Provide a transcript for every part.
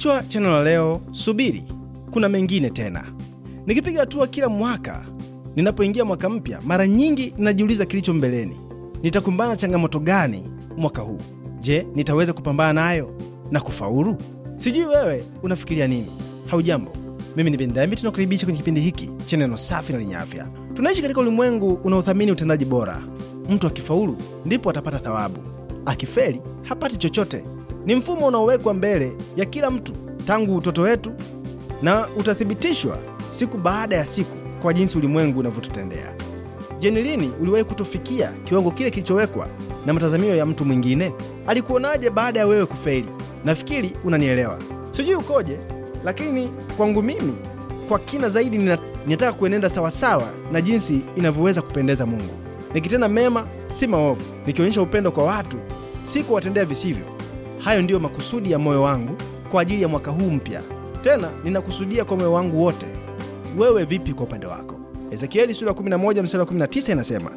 Kichwa cha neno la leo: subiri, kuna mengine tena. Nikipiga hatua kila mwaka, ninapoingia mwaka mpya, mara nyingi ninajiuliza kilicho mbeleni. Nitakumbana changamoto gani mwaka huu? Je, nitaweza kupambana nayo na kufaulu? Sijui wewe unafikiria nini? Haujambo, mimi ni Ben Dami, tunakukaribisha kwenye kipindi hiki cha neno safi na lenye afya. Tunaishi katika ulimwengu unaothamini utendaji bora. Mtu akifaulu ndipo atapata thawabu, akifeli hapati chochote. Ni mfumo unaowekwa mbele ya kila mtu tangu utoto wetu na utathibitishwa siku baada ya siku kwa jinsi ulimwengu unavyotutendea. Je, ni lini uliwahi kutofikia kiwango kile kilichowekwa na matazamio ya mtu mwingine? Alikuonaje baada ya wewe kufeli? Nafikiri unanielewa. Sijui ukoje, lakini kwangu mimi, kwa kina zaidi, ninataka kuenenda sawasawa na jinsi inavyoweza kupendeza Mungu, nikitenda mema, si maovu, nikionyesha upendo kwa watu, si kuwatendea visivyo Hayo ndiyo makusudi ya moyo wangu kwa ajili ya mwaka huu mpya. Tena ninakusudia kwa moyo wangu wote. Wewe vipi kwa upande wako? Ezekieli sura 11 mstari 19 inasema,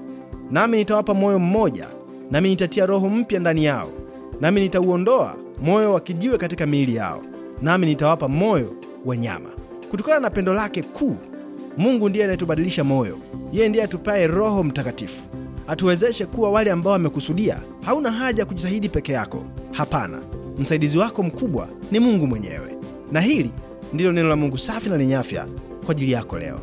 nami nitawapa moyo mmoja, nami nitatia roho mpya ndani yao, nami nitauondoa moyo wa kijiwe katika miili yao, nami nitawapa moyo wa nyama. Kutokana na pendo lake kuu, Mungu ndiye anayetubadilisha moyo. Yeye ndiye atupaye Roho Mtakatifu atuwezeshe kuwa wale ambao amekusudia. Hauna haja ya kujitahidi peke yako. Hapana, msaidizi wako mkubwa ni Mungu mwenyewe. Na hili ndilo neno la Mungu safi na lenye afya kwa ajili yako leo.